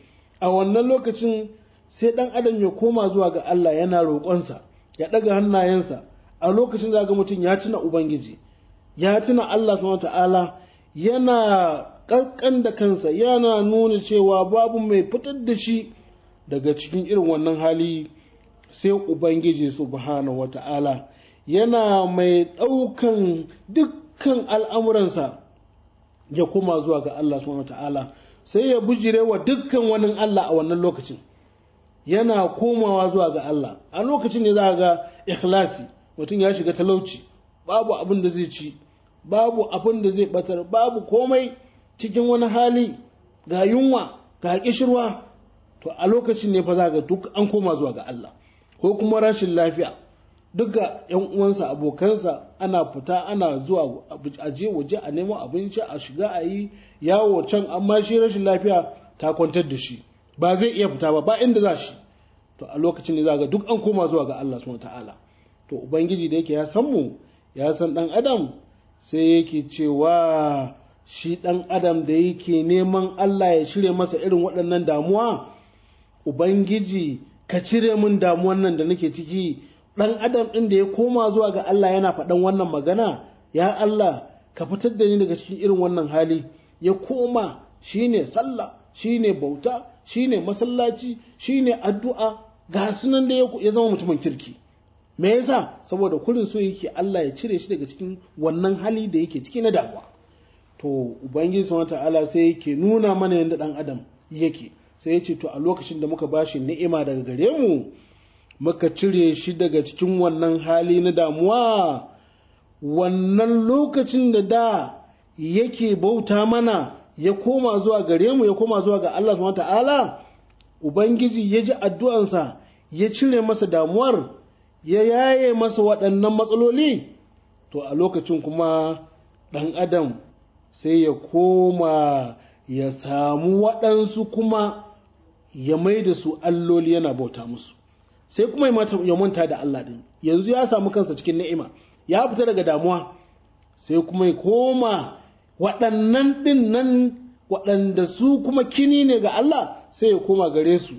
a wannan lokacin sai dan adam ya koma zuwa ga Allah yana roƙonsa ya ɗaga hannayensa a lokacin za ga mutum ya tuna ubangiji ya tuna Allah subhanahu ta'ala yana ƙanƙan da kansa yana nuna cewa babu mai fitar da shi daga cikin irin wannan hali sai ubangiji subhanahu wata'ala yana mai ɗaukan dukkan al'amuransa ya kuma zuwa ga Allah subhanahu wata'ala sai ya bujire wa dukkan wani Allah a wannan lokacin yana komawa zuwa ga Allah a lokacin ne za ga ikhlasi mutum ya shiga talauci babu abin da zai ci babu abin da zai batar babu komai cikin wani hali ga yunwa ga kishirwa to a lokacin ne fa za ga duk an koma zuwa ga Allah ko kuma rashin lafiya ga yan uwansa abokansa ana fita ana zuwa a je waje a nemo abinci a shiga a yi yawo can amma shi rashin lafiya ta kwantar da shi ba zai iya fita ba ba inda za shi to a lokacin ne za ga duk an koma zuwa ga Allah subhanahu ta'ala to ubangiji da yake ya san mu ya san dan adam sai yake cewa shi ɗan adam da yake neman Allah ya shirya masa irin waɗannan damuwa ubangiji ka cire min damuwan nan da nake ciki ɗan adam ɗin da ya koma zuwa ga Allah yana faɗan wannan magana ya Allah ka fitar da ni daga cikin irin wannan hali ya koma shi ne sallah shi ne bauta shi ne masallaci shi ne addu'a ga sunan da ya zama mutumin kirki me yasa saboda kurin so yake Allah ya cire shi daga cikin wannan hali da yake ciki na damuwa to ubangiji subhanahu ta'ala sai yake nuna mana yadda dan adam yake sai yace to a lokacin da muka bashi ni'ima daga gare mu muka cire shi daga cikin wannan hali na damuwa wannan lokacin da da yake bauta mana ya koma zuwa gare mu ya koma zuwa ga Allah subhanahu ta'ala ubangiji ya ji addu'ansa ya cire masa damuwar ya yaye masa waɗannan matsaloli to a lokacin kuma ɗan adam sai ya koma ya samu waɗansu kuma ya mai da su alloli yana bauta musu sai kuma ya manta da Allah ɗin yanzu ya samu kansa cikin ni'ima ya fita daga damuwa sai kuma ya koma waɗannan ɗin nan waɗanda su kuma kini ne ga Allah sai ya koma gare su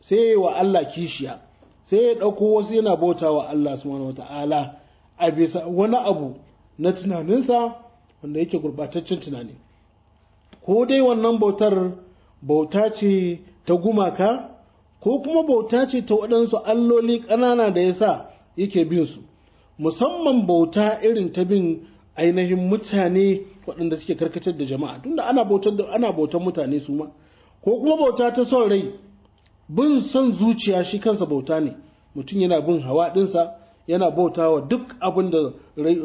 sai ya wa Allah kishiya sai ya ɗauko wasu yana bauta wa Allah subhanahu wata'ala a bisa wani abu na tunaninsa wanda yake gurbataccen tunani ko dai wannan bautar bauta ce ta gumaka ko kuma bauta ce ta waɗansu alloli ƙanana da ya sa yake bin su musamman bauta irin ta bin ainihin mutane waɗanda suke karkatar da jama'a tunda ana bautar mutane su ma ko kuma bauta ta son rai bin son zuciya shi kansa bauta ne mutum yana bin hawa ɗinsa yana bauta wa duk abin da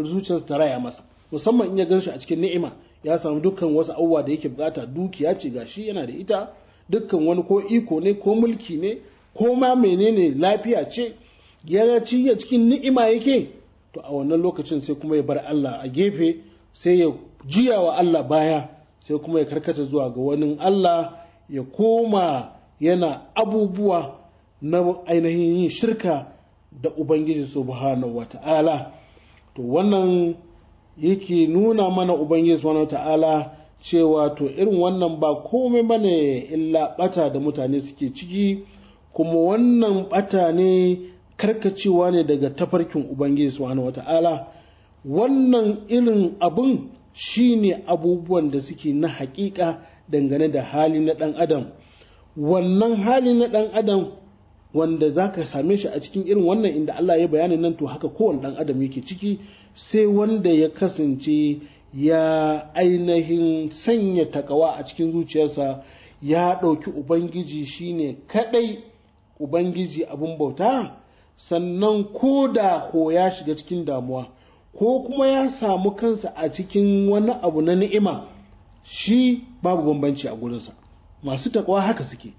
zuciyarsa ta raya masa musamman in ya gan shi a cikin ni'ima ya samu dukkan wasu abubuwa da yake bukata dukiya ce gashi yana da ita dukkan wani ko iko ne ko mulki ne ko ma menene lafiya ce ya ci ya cikin ni'ima yake to a wannan lokacin sai kuma ya bar Allah a gefe sai ya juya wa Allah baya sai kuma ya karkata zuwa ga wani Allah ya koma yana abubuwa na ainihin yin shirka da Ubangiji subhanahu wa ta'ala to wannan yake nuna mana ubangiji subhanahu ta'ala cewa to irin wannan ba komai bane illa bata da mutane suke ciki kuma wannan bata ne karkacewa ne daga tafarkin ubangiji subhanahu ta'ala wannan irin abun shine abubuwan da suke na hakika dangane da hali na dan adam wannan hali na dan adam wanda za ka same shi a cikin irin wannan inda Allah ya bayani nan to haka kowane dan adam yake ciki sai wanda ya kasance ya ainihin sanya takawa a cikin zuciyarsa ya ɗauki ubangiji shine kaɗai ubangiji abin bauta sannan ko da ko ya shiga cikin damuwa ko kuma ya samu kansa a cikin wani abu na ni'ima shi babu bambanci a gurinsa masu takawa haka suke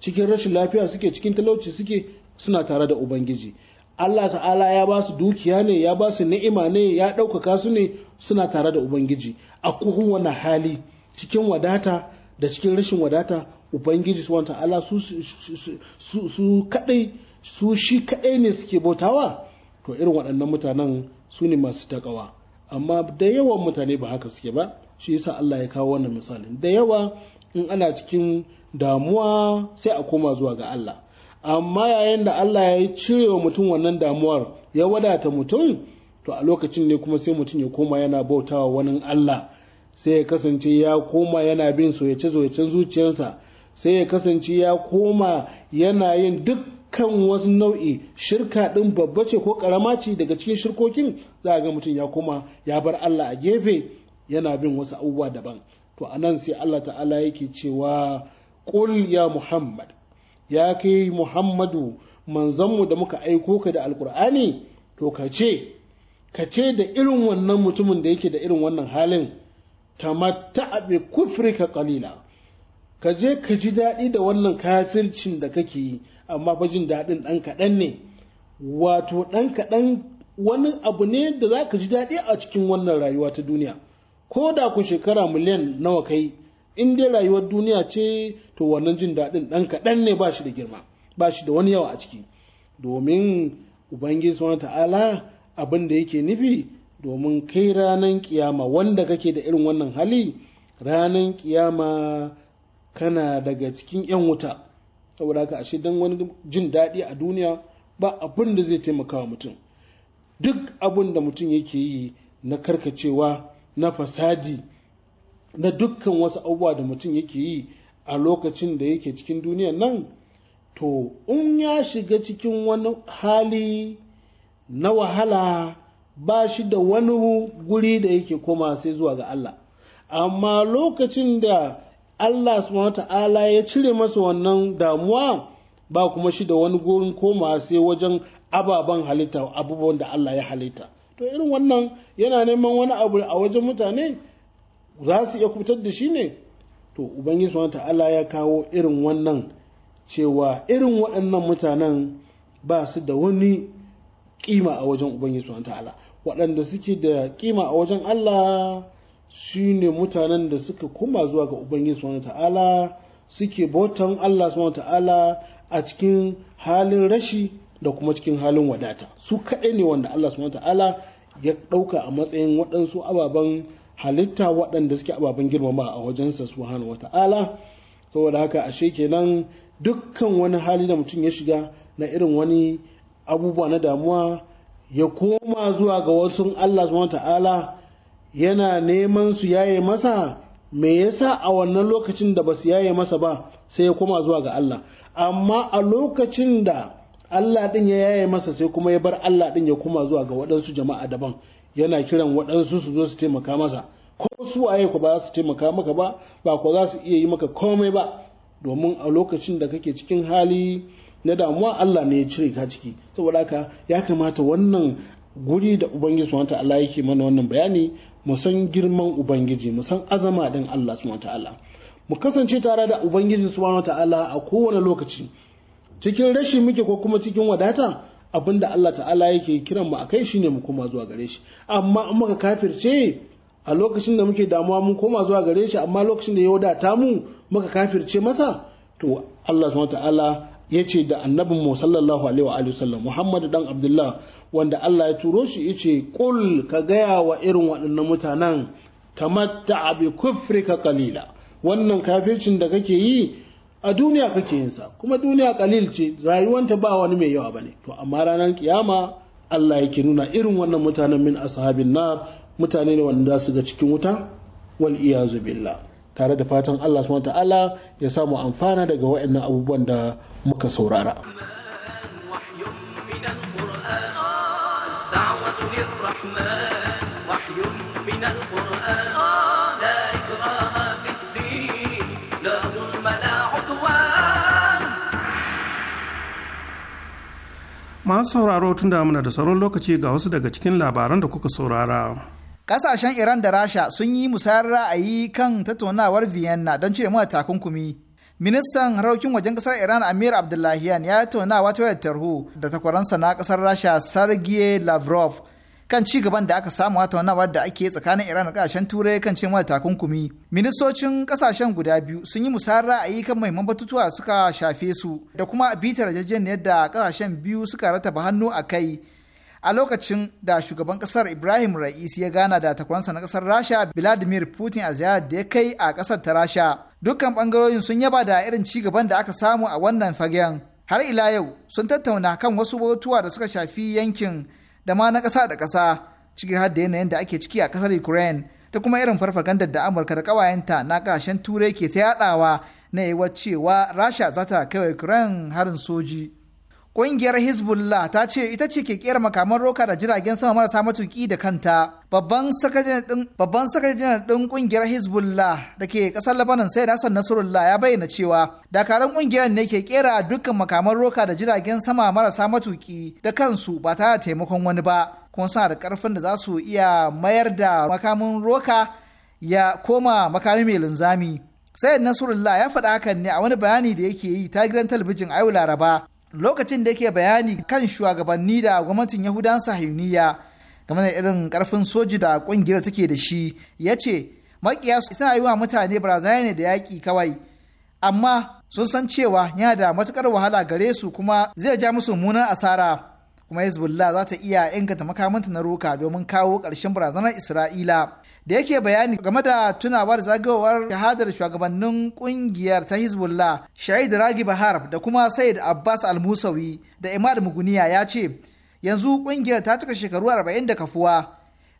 cikin rashin lafiya suke cikin talauci suke suna tare da ubangiji Allah ta'ala ya ba su dukiya ne ya ba su ni'ima ne ya ɗaukaka su ne suna tare da ubangiji a wani hali cikin wadata da cikin rashin wadata ubangiji su wanta Allah su su kadai su shi kadai ne suke bautawa to irin waɗannan mutanen su ne masu takawa amma da yawan mutane ba haka suke ba shi yasa Allah ya kawo wannan misalin da yawa in ana cikin damuwa sai a koma zuwa ga Allah amma yayin da Allah ya yi cire wa mutum wannan damuwar ya wadata mutum to a lokacin ne kuma sai mutum ya koma yana bautawa wani Allah sai ya kasance ya koma yana bin soyace soyacen zuciyarsa sai ya kasance ya koma yana yin dukkan wasu nau'i shirka din babba ce ko karama ce daga cikin shirkokin za a ga mutum ya koma ya bar Allah a gefe yana bin wasu abubuwa daban to anan sai Allah ta'ala yake cewa qul ya muhammad ya kai muhammadu manzanmu da muka aiko ka da alkur'ani to ka ce ka ce da irin wannan mutumin da yake da irin wannan halin tamatta bi kufrika qalila ka je ka ji daɗi da wannan kafircin da kake yi amma fa jin daɗin ɗan kaɗan ne wato ɗan kaɗan wani abu ne da za ka ji daɗi a cikin wannan rayuwa ta duniya ko da ku shekara miliyan nawa kai in dai rayuwar duniya ce to wannan jin daɗin ɗan kaɗan ne ba shi da girma ba shi da wani yawa a ciki domin ubangiji subhanahu ta'ala abin da yake nufi domin kai ranan kiyama wanda kake da irin wannan hali ranan kiyama kana daga cikin 'yan wuta saboda haka ashe don wani jin daɗi a duniya ba abin da zai taimaka wa mutum duk abin da mutum yake yi na karkacewa na fasadi na dukkan wasu abubuwa da mutum yake yi a lokacin da yake cikin duniya nan to in ya shiga cikin wani hali na wahala ba shi da wani guri da yake koma sai zuwa ga Allah amma lokacin da Allah subhanahu ta'ala ya cire masa wannan damuwa ba kuma shi da wani gurin koma sai wajen ababen halitta abubuwan da Allah ya halitta to irin wannan yana neman wani abu a wajen mutane za su iya kubutar da shi ne to ubangiji subhanahu ta'ala ya kawo irin wannan cewa irin waɗannan mutanen ba su da wani kima a wajen ubangiji subhanahu ta'ala waɗanda suke da kima a wajen Allah shine mutanen da suka koma zuwa ga ubangiji subhanahu ta'ala suke bautan Allah subhanahu ta'ala a cikin halin rashi da kuma cikin halin wadata su kaɗai ne wanda Allah subhanahu ta'ala ya ɗauka a matsayin waɗansu ababen halitta waɗanda suke ababen girmama a wajensa subhanahu wata'ala saboda haka ashe kenan dukkan wani hali da mutum ya shiga na irin wani abubuwa na damuwa ya koma zuwa ga wasu Allah subhanahu wata'ala yana neman su yaye masa me yasa a wannan lokacin da ba su yaye masa ba sai ya koma zuwa ga Allah amma a lokacin da Allah ɗin ya yaye masa sai kuma ya bar Allah ɗin ya koma zuwa ga waɗansu jama'a daban yana kiran waɗansu su zo su taimaka masa ko su waye ku ba za su taimaka maka ba ba ko za su iya yi maka komai ba domin a lokacin da kake cikin hali na damuwa Allah ne ya cire ka ciki saboda haka ya kamata wannan guri da ubangiji subhanahu ta'ala yake mana wannan bayani mu san girman ubangiji mu san azama din Allah subhanahu ta'ala mu kasance tare da ubangiji subhanahu ta'ala a kowane lokaci cikin rashi muke ko kuma cikin wadata abin da Allah ta'ala yake kiran mu a kai shine mu koma zuwa gare shi amma in muka kafirce a lokacin da muke damuwa mun koma zuwa gare shi amma lokacin da ya wadata mu muka kafirce masa to Allah subhanahu ta'ala ya ce da annabin mu sallallahu alaihi wa alihi wasallam Muhammad dan Abdullah wanda Allah ya turo shi yace qul ka gaya wa irin waɗannan mutanen tamatta bi kufrika qalila wannan kafircin da kake yi a duniya kake yin sa kuma duniya kalil ce rayuwanta ba wani mai yawa bane to amma ranar kiyama Allah yake nuna irin wannan mutanen min ashabin nar mutane ne wanda su ga cikin wuta wal iyazu billah tare da fatan Allah subhanahu ta'ala ya samu amfana daga waɗannan abubuwan da muka saurara masu sauraro tun da muna da sauran lokaci ga wasu daga cikin labaran da kuka saurara kasashen iran da rasha sun yi musayar ra'ayi kan tattaunawar vienna don cire mana takunkumi ministan harkokin wajen kasar iran amir abdullahian ya tattaunawa wata wayar tarho da takwaransa na kasar rasha sergei lavrov kan ci gaban da aka samu tattaunawar da ake tsakanin Iran da kasashen Turai kan cewa takunkumi. Ministocin kasashen guda biyu sun yi musayar ra'ayi kan mahimman batutuwa suka shafe su da kuma bitar yarjejeniyar da kasashen biyu suka rataba hannu a kai. A lokacin da shugaban kasar Ibrahim Ra'isi ya gana da takwaransa na kasar Rasha Vladimir Putin a ziyarar da ya kai a kasar ta Rasha. Dukkan bangarorin sun yaba da irin ci gaban da aka samu a wannan fagen. Har ila yau sun tattauna kan wasu batutuwa da suka shafi yankin da ma na ƙasa da ƙasa ciki har da yanayin da ake ciki a ƙasar Ukraine da kuma irin farfagandar da Amurka da ƙawayenta na ƙasashen Turai ke ta yaɗawa na yiwuwar cewa Rasha za ta kai Ukraine harin soji. Ƙungiyar Hezbollah ta ce ita ce ke kera makaman roka da jiragen sama marasa matuƙi da kanta. Babban sakajin ɗin ƙungiyar Hezbollah da ke ƙasar Lebanon sai Hassan Nasrullah ya bayyana cewa dakarun ƙungiyar ne ke ƙera dukkan makaman roka da jiragen sama marasa matuƙi da kansu ba tare da taimakon wani ba. Kuma suna da ƙarfin da za su iya mayar da makamin roka ya koma makami mai linzami. Sayyid Nasrullah ya faɗa hakan ne a wani bayani da yake yi ta gidan talabijin Ayu Laraba lokacin da yake bayani kan shugabanni da gwamnatin yahudan sahiyuniya game da irin karfin soji da kungiyar take da shi ya ce makiya suna yi wa mutane barazana ne da yaƙi kawai amma sun san cewa yana da matukar wahala gare su kuma zai ja musu munar asara kuma hezbollah za ta iya inganta makamanta na roka domin kawo ƙarshen barazanar isra'ila da yake bayani game da tunawa da zagayowar shahadar shugabannin ƙungiyar ta hezbollah shahid ragi bahar da kuma said abbas al-musawi da imad muguniya ya ce yanzu kungiyar ta cika shekaru arba'in da kafuwa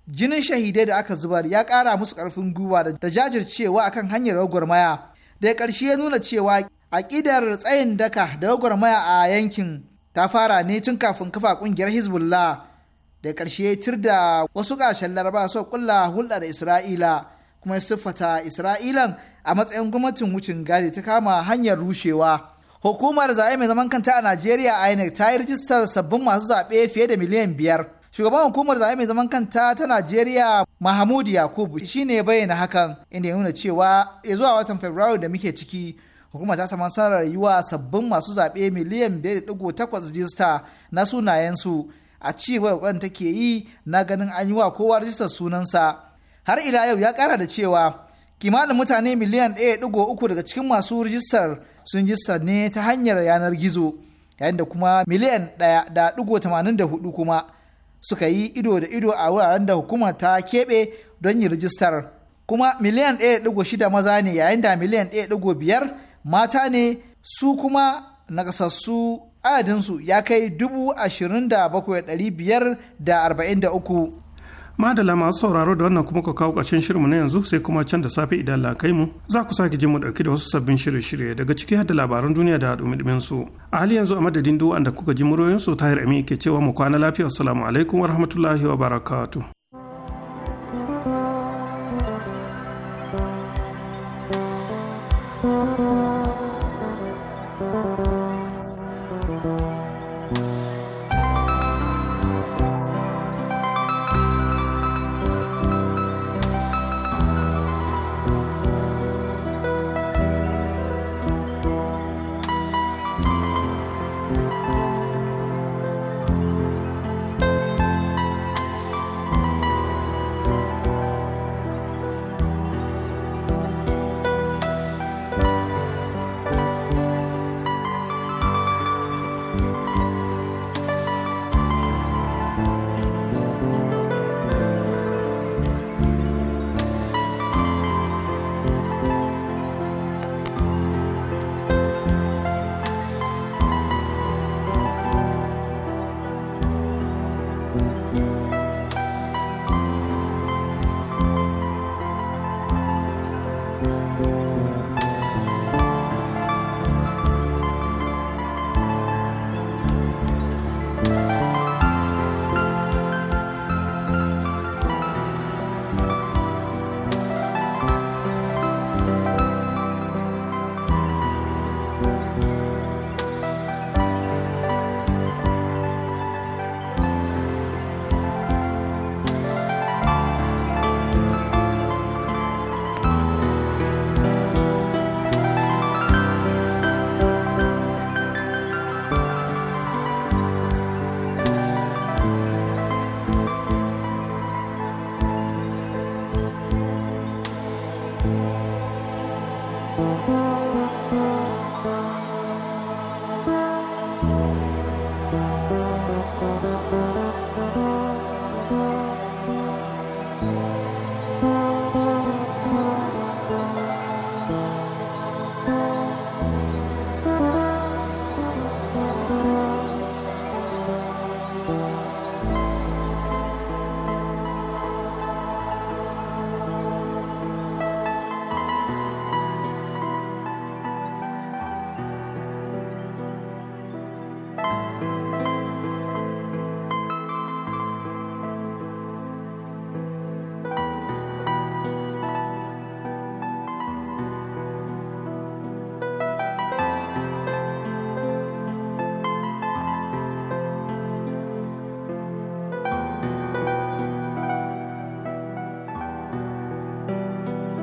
jinin shahidai da aka zubar ya ƙara musu ƙarfin gwiwa da jajircewa akan hanyar gwagwarmaya da ya ƙarshe ya nuna cewa aƙidar tsayin daka da gwagwarmaya a yankin ta fara ne tun kafin kafa kungiyar hezbollah da ya tir da wasu ƙashen laraba su kulla hulɗa da isra'ila kuma siffata isra'ilan a matsayin gwamnatin wucin gadi ta kama hanyar rushewa hukumar zaɓe mai zaman kanta a najeriya inec ta yi rijistar sabbin masu zaɓe fiye da miliyan biyar shugaban hukumar zaɓe mai zaman kanta ta najeriya mahamudu yakubu shine bayyana hakan inda ya nuna cewa ya zuwa watan fabrairu da muke ciki hukumar ta samu nasarar yi wa sabbin masu zaɓe miliyan 5.8 rijista na sunayensu a ci gaba take yi na ganin an yi wa kowa rijistar sunansa har ila yau ya ƙara da cewa kimanin mutane miliyan 1.3 daga cikin masu rijistar sun rijistar ne ta hanyar yanar gizo yayin da kuma miliyan 1.84 kuma suka yi ido da ido a wuraren da hukumar ta keɓe don yi rijistar kuma miliyan 1.6 maza ne yayin da miliyan 1.5 mata ne su kuma nakasassu adadinsu ya kai dubu ashirin da bakwai ɗari biyar da arba'in da uku. Madala masu sauraro da wannan kuma ka kawo ƙarshen shirinmu na yanzu sai kuma can da safe idan lakai mu za ku sake jin mu ɗauki da wasu sabbin shirye-shirye daga ciki har da labaran duniya da haɗu su. A hali yanzu a madadin duwa da kuka ji su tahir amin ke cewa mu kwana lafiya assalamu alaikum wa rahmatullahi wa barakatu.